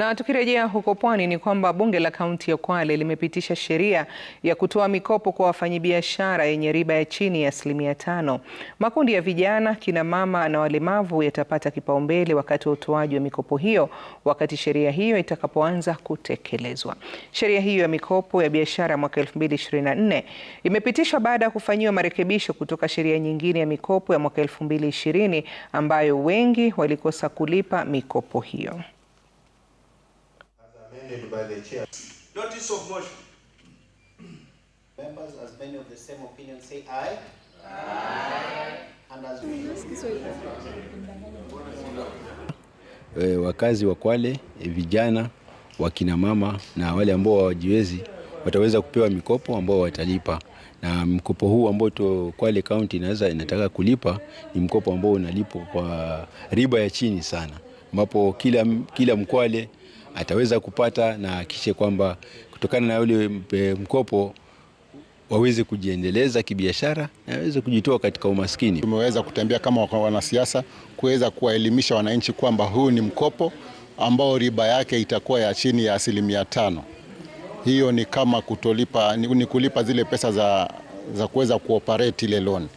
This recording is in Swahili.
Na tukirejea huko Pwani ni kwamba bunge la kaunti ya Kwale limepitisha sheria ya kutoa mikopo kwa wafanyabiashara yenye riba ya chini ya asilimia tano. Makundi ya vijana, kina mama na walemavu yatapata kipaumbele wakati wa utoaji wa mikopo hiyo wakati sheria hiyo itakapoanza kutekelezwa. Sheria hiyo ya mikopo ya biashara mwaka 2024 imepitishwa baada ya kufanyiwa marekebisho kutoka sheria nyingine ya mikopo ya mwaka 2020 ambayo wengi walikosa kulipa mikopo hiyo by the chair. Notice of motion. Members, as many of the same opinion, say aye. Aye. And as we... Eh, wakazi wa Kwale, eh, vijana, wakina mama na wale ambao hawajiwezi wataweza kupewa mikopo ambao watalipa na mkopo huu ambao Kwale County inaweza inataka kulipa ni mkopo ambao unalipwa kwa riba ya chini sana, ambapo kila, kila Mkwale ataweza kupata na hakikishe kwamba kutokana na ule e, mkopo waweze kujiendeleza kibiashara na waweze kujitoa katika umaskini. Tumeweza kutembea kama wanasiasa kuweza kuwaelimisha wananchi kwamba huu ni mkopo ambao riba yake itakuwa ya chini ya asilimia tano. Hiyo ni kama kutolipa, ni kulipa zile pesa za, za kuweza kuoperate ile loan.